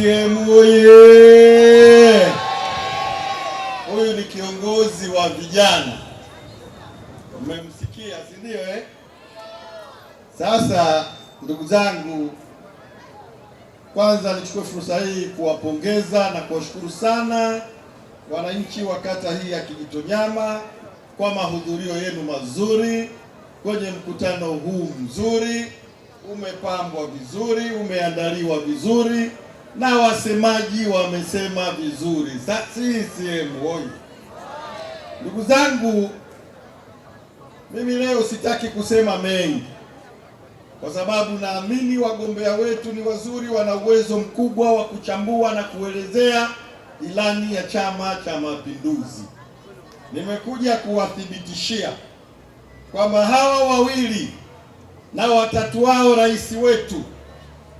CCM oye! Huyu ni kiongozi wa vijana, umemsikia si ndio eh? Sasa ndugu zangu, kwanza nichukue fursa hii kuwapongeza na kuwashukuru sana wananchi wa kata hii ya Kijitonyama kwa mahudhurio yenu mazuri kwenye mkutano huu mzuri, umepambwa vizuri, umeandaliwa vizuri na wasemaji wamesema vizuri. CCM oyee! Ndugu zangu, mimi leo sitaki kusema mengi kwa sababu naamini wagombea wetu ni wazuri, wana uwezo mkubwa wa kuchambua na kuelezea ilani ya Chama cha Mapinduzi. Nimekuja kuwathibitishia kwamba hawa wawili na watatu wao rais wetu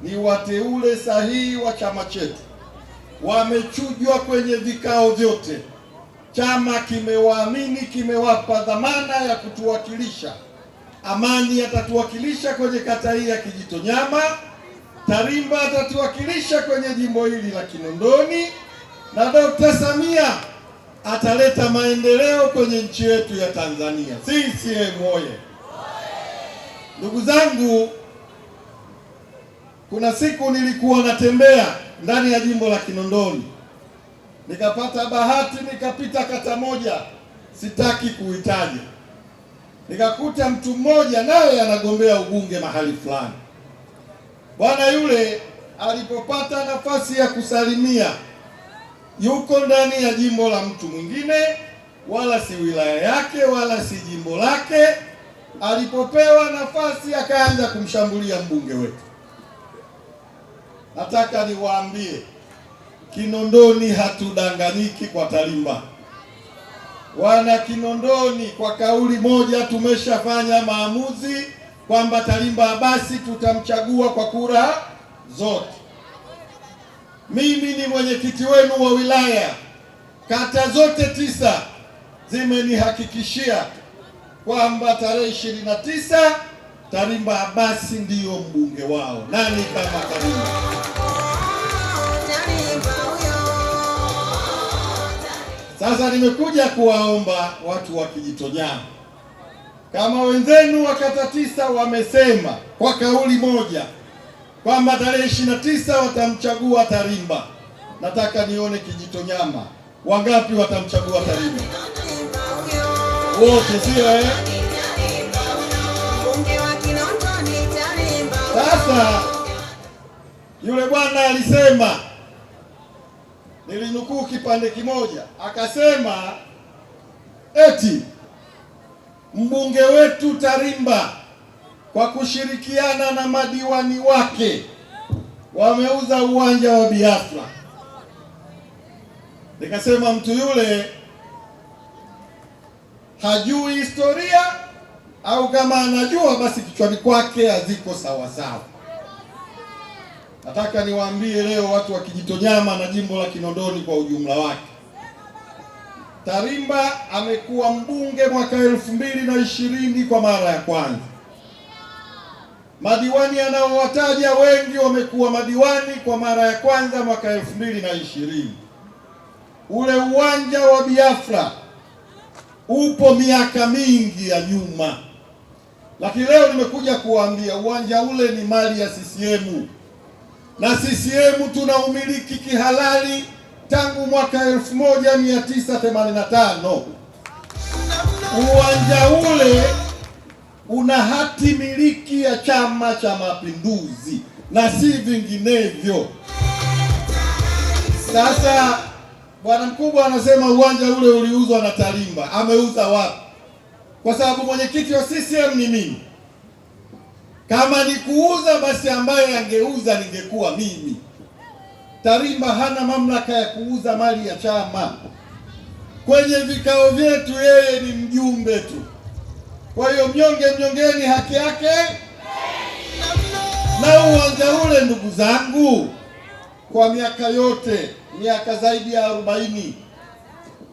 ni wateule sahihi wa chama chetu, wamechujwa kwenye vikao vyote. Chama kimewaamini, kimewapa dhamana ya kutuwakilisha. Amani atatuwakilisha kwenye kata hii ya Kijitonyama, Tarimba atatuwakilisha kwenye jimbo hili la Kinondoni, na Dr. Samia ataleta maendeleo kwenye nchi yetu ya Tanzania. CCM oye! Ndugu zangu kuna siku nilikuwa natembea ndani ya jimbo la Kinondoni, nikapata bahati nikapita kata moja, sitaki kuitaja, nikakuta mtu mmoja naye anagombea ubunge mahali fulani. Bwana yule alipopata nafasi ya kusalimia, yuko ndani ya jimbo la mtu mwingine, wala si wilaya yake wala si jimbo lake. Alipopewa nafasi, akaanza kumshambulia mbunge wetu. Nataka niwaambie Kinondoni hatudanganyiki kwa Talimba. Wana Kinondoni, kwa kauli moja tumeshafanya maamuzi kwamba Talimba basi tutamchagua kwa kura zote. Mimi ni mwenyekiti wenu wa wilaya, kata zote tisa zimenihakikishia kwamba tarehe ishirini na tisa Tarimba Abasi ndiyo mbunge wao. Nani kama Tarimba? Sasa nimekuja kuwaomba watu wa Kijitonyama, kama wenzenu wa kata tisa wamesema kwa kauli moja kwamba tarehe ishirini na tisa watamchagua Tarimba. Nataka nione Kijitonyama wangapi watamchagua Tarimba? Wote sio eh? Sasa yule bwana alisema, nilinukuu kipande kimoja, akasema eti mbunge wetu Tarimba kwa kushirikiana na madiwani wake wameuza uwanja wa Biafra. Nikasema mtu yule hajui historia au kama anajua basi kichwani kwake haziko sawasawa. Nataka niwaambie leo watu wa Kijitonyama na jimbo la Kinondoni kwa ujumla wake, Tarimba amekuwa mbunge mwaka elfu mbili na ishirini kwa mara ya kwanza. Madiwani anaowataja wengi wamekuwa madiwani kwa mara ya kwanza mwaka elfu mbili na ishirini. Ule uwanja wa Biafra upo miaka mingi ya nyuma. Lakini leo nimekuja kuwaambia uwanja ule ni mali ya CCM na CCM tunaumiliki kihalali tangu mwaka 1985. Uwanja ule una hati miliki ya Chama cha Mapinduzi na si vinginevyo. Sasa bwana mkubwa anasema uwanja ule uliuzwa na Talimba. Ameuza wapi? kwa sababu mwenyekiti wa CCM ni mimi. Kama ni kuuza, basi ambaye angeuza ningekuwa mimi. Tarimba hana mamlaka ya kuuza mali ya chama. Kwenye vikao vyetu yeye ni mjumbe tu. Kwa hiyo mnyonge mnyongeni haki yake. Na uwanja ule, ndugu zangu, kwa miaka yote, miaka zaidi ya arobaini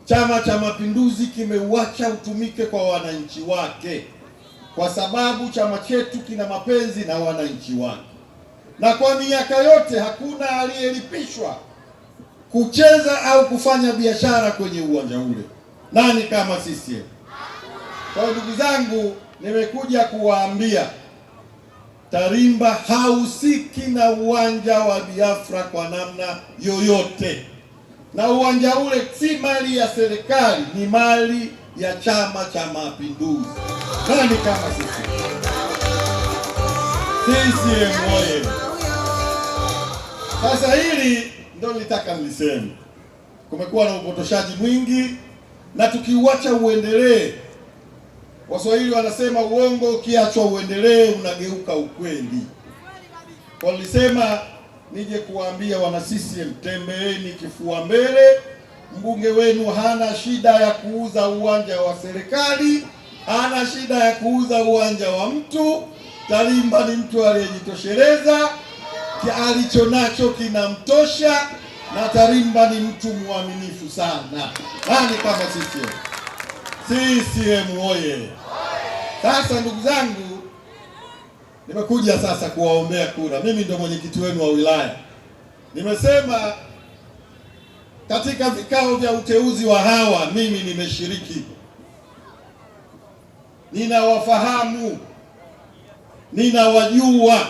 Chama cha Mapinduzi kimeuacha utumike kwa wananchi wake, kwa sababu chama chetu kina mapenzi na wananchi wake, na kwa miaka yote hakuna aliyelipishwa kucheza au kufanya biashara kwenye uwanja ule. Nani kama CCM? Kwa hiyo ndugu zangu, nimekuja kuwaambia Tarimba hahusiki na uwanja wa Biafra kwa namna yoyote na uwanja ule si mali ya serikali, ni mali ya Chama cha Mapinduzi. Nani kama sisi? CCM oye! Sasa hili ndio nilitaka niliseme. Kumekuwa na upotoshaji mwingi, na tukiuacha uendelee, Waswahili wanasema uongo ukiachwa uendelee unageuka ukweli. Walisema nije kuwaambia wana CCM, tembeeni kifua mbele. Mbunge wenu hana shida ya kuuza uwanja wa serikali, hana shida ya kuuza uwanja wa mtu. Talimba ni mtu aliyejitosheleza, alicho nacho kinamtosha, na tarimba ni mtu mwaminifu sana. Nani kama CCM? CCM oye! Sasa ndugu zangu Nimekuja sasa kuwaombea kura. Mimi ndio mwenyekiti wenu wa wilaya. Nimesema katika vikao vya uteuzi wa hawa, mimi nimeshiriki, ninawafahamu, ninawajua,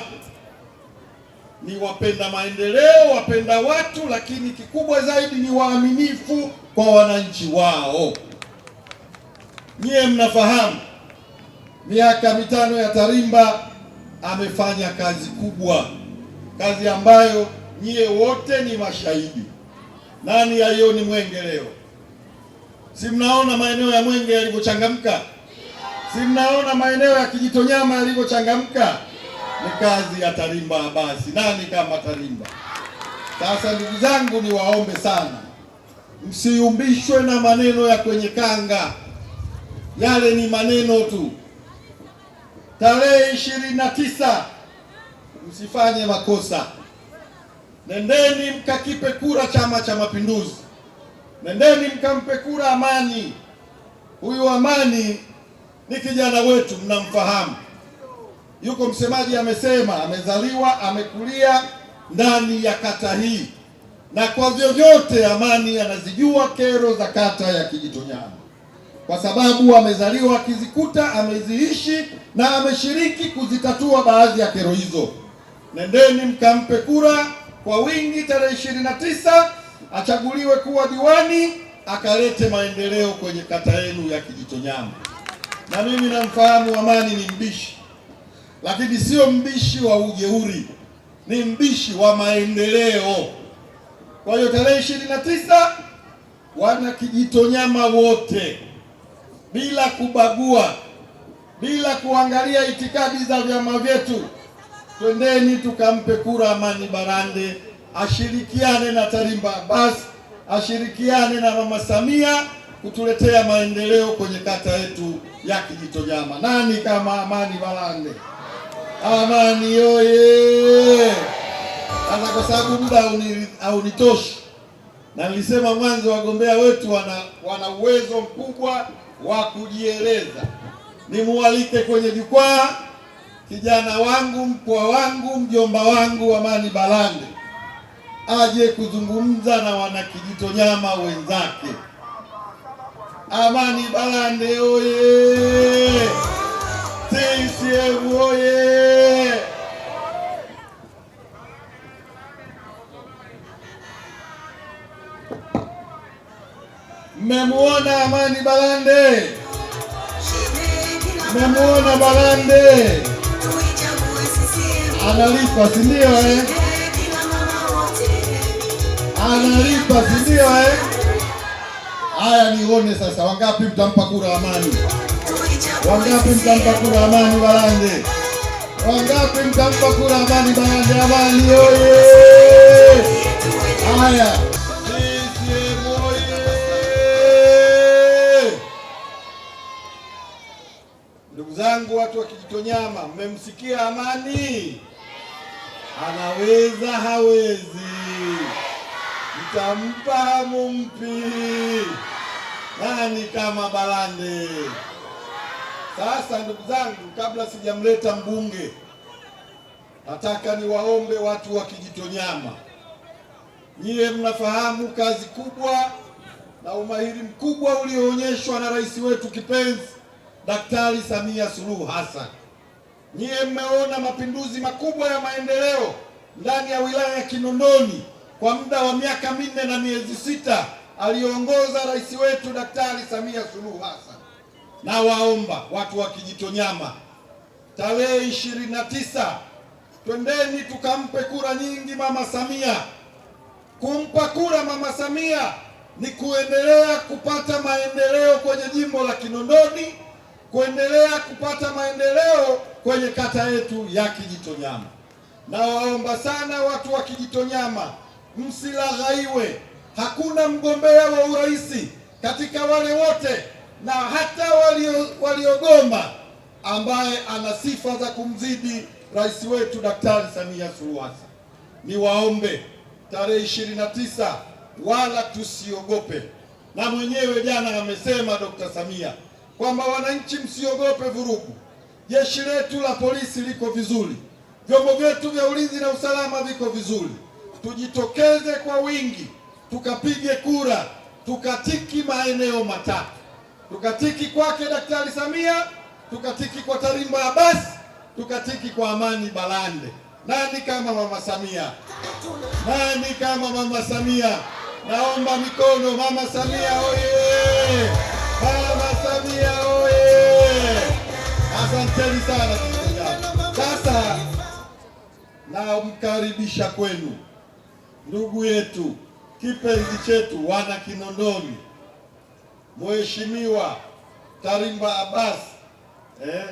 ni wapenda maendeleo, wapenda watu, lakini kikubwa zaidi ni waaminifu kwa wananchi wao. nyiye mnafahamu miaka mitano ya Tarimba amefanya kazi kubwa, kazi ambayo nyie wote ni mashahidi. Nani haioni Mwenge leo? Si mnaona maeneo ya Mwenge yalivyochangamka? Si mnaona maeneo ya Kijitonyama yalivyochangamka? Ni kazi ya Tarimba Abasi. Nani kama Tarimba? Sasa ndugu zangu, niwaombe sana, msiumbishwe na maneno ya kwenye kanga, yale ni maneno tu tarehe ishirini na tisa. Msifanye makosa, nendeni mkakipe kura Chama cha Mapinduzi, nendeni mkampe kura Amani. Huyu Amani ni kijana wetu, mnamfahamu, yuko msemaji amesema, amezaliwa amekulia ndani ya kata hii, na kwa vyovyote Amani anazijua kero za kata ya Kijitonyama kwa sababu amezaliwa akizikuta, ameziishi na ameshiriki kuzitatua baadhi ya kero hizo. Nendeni mkampe kura kwa wingi tarehe ishirini na tisa achaguliwe kuwa diwani akalete maendeleo kwenye kata yenu ya Kijitonyama. Na mimi namfahamu Amani ni mbishi, lakini sio mbishi wa ujeuri, ni mbishi wa maendeleo. Kwa hiyo tarehe ishirini na tisa wana Kijitonyama wote bila kubagua, bila kuangalia itikadi za vyama vyetu. Twendeni tukampe kura Amani Barande, ashirikiane na Tarimba Abbas, ashirikiane na Mama Samia kutuletea maendeleo kwenye kata yetu ya Kijitonyama. Nani kama Amani Barande? Amani oye! Sasa kwa sababu muda haunitoshi, na nilisema mwanzo wagombea wetu wana wana uwezo mkubwa wa kujieleza. Nimualike kwenye jukwaa kijana wangu, mkwa wangu, mjomba wangu Amani Balande aje kuzungumza na wanakijitonyama wenzake. Amani Balande oye! ni Balande, namuona Balande analipa, si ndio eh? Analipa, si ndio eh? Haya, nione sasa, wangapi mtampa kura Amani? Wangapi mtampa kura Amani Balande? Wangapi mtampa kura Amani Balande? Amani oye! Haya. zangu watu wa Kijitonyama, mmemsikia Amani? Anaweza hawezi? Mtampa mumpi Nani kama Balande? Sasa ndugu zangu, kabla sijamleta mbunge, nataka niwaombe watu wa Kijitonyama, nyiye mnafahamu kazi kubwa na umahiri mkubwa ulioonyeshwa na rais wetu kipenzi Daktari Samia Suluhu Hassan. Nyiye mmeona mapinduzi makubwa ya maendeleo ndani ya wilaya ya Kinondoni kwa muda wa miaka minne na miezi sita aliongoza rais wetu Daktari Samia Suluhu Hassan. Na waomba watu wa Kijitonyama, tarehe ishirini na tisa twendeni tukampe kura nyingi mama Samia. Kumpa kura mama Samia ni kuendelea kupata maendeleo kwenye jimbo la Kinondoni kuendelea kupata maendeleo kwenye kata yetu ya Kijitonyama. Nawaomba sana watu wa Kijitonyama msilaghaiwe. Hakuna mgombea wa urais katika wale wote na hata waliogomba walio ambaye ana sifa za kumzidi rais wetu Daktari Samia Suluhu Hassan. Niwaombe tarehe ishirini na tisa wala tusiogope, na mwenyewe jana amesema dokta Samia kwamba wananchi, msiogope vurugu. Jeshi letu la polisi liko vizuri, vyombo vyetu vya ulinzi na usalama viko vizuri. Tujitokeze kwa wingi, tukapige kura, tukatiki maeneo matatu. Tukatiki kwake Daktari Samia, tukatiki kwa Tarimba Abbas, tukatiki kwa Amani Balande. Nani kama mama Samia? Nani kama mama Samia? Naomba mikono, mama Samia oye! Asanteni sana sasa namkaribisha kwenu ndugu yetu kipenzi chetu wana Kinondoni, Mheshimiwa Tarimba Abbas. Eh,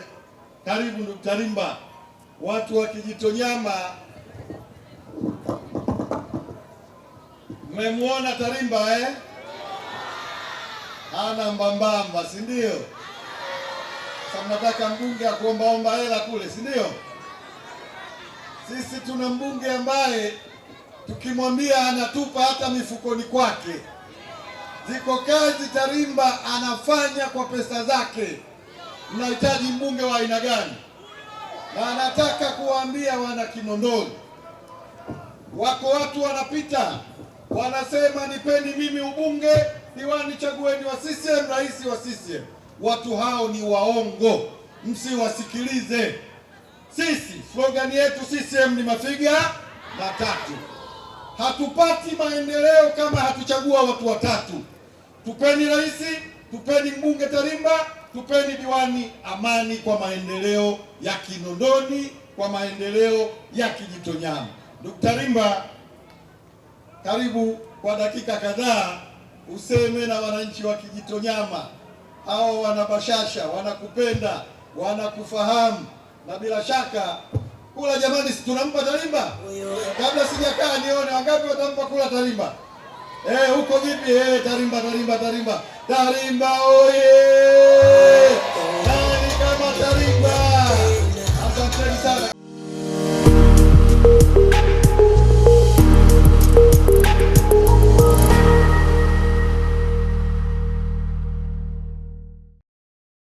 karibu ndugu Tarimba. Watu wa Kijitonyama mmemwona Tarimba eh? Ana mbambamba, si ndio? mnataka mbunge akuombaomba hela kule, si ndio? Sisi tuna mbunge ambaye tukimwambia anatupa hata mifukoni kwake. Ziko kazi Tarimba anafanya kwa pesa zake. Mnahitaji mbunge wa aina gani? Na anataka kuwaambia wana Kinondoni, wako watu wanapita wanasema, nipeni mimi ubunge, diwani chagueni wa CCM, rais wa CCM watu hao ni waongo, msiwasikilize. Sisi slogani yetu CCM ni mafiga matatu. Hatupati maendeleo kama hatuchagua watu watatu. Tupeni rais, tupeni mbunge Tarimba, tupeni diwani Amani, kwa maendeleo ya Kinondoni, kwa maendeleo ya Kijitonyama. Ndugu Tarimba, karibu kwa dakika kadhaa useme na wananchi wa Kijitonyama au wanabashasha, wanakupenda, wanakufahamu na bila shaka kula. Jamani, si tunampa talimba? Kabla sijakaa nione wangapi watampa kula talimba. Eh, huko vipi? Eh, tarimba, tarimba, tarimba, tarimba, oye!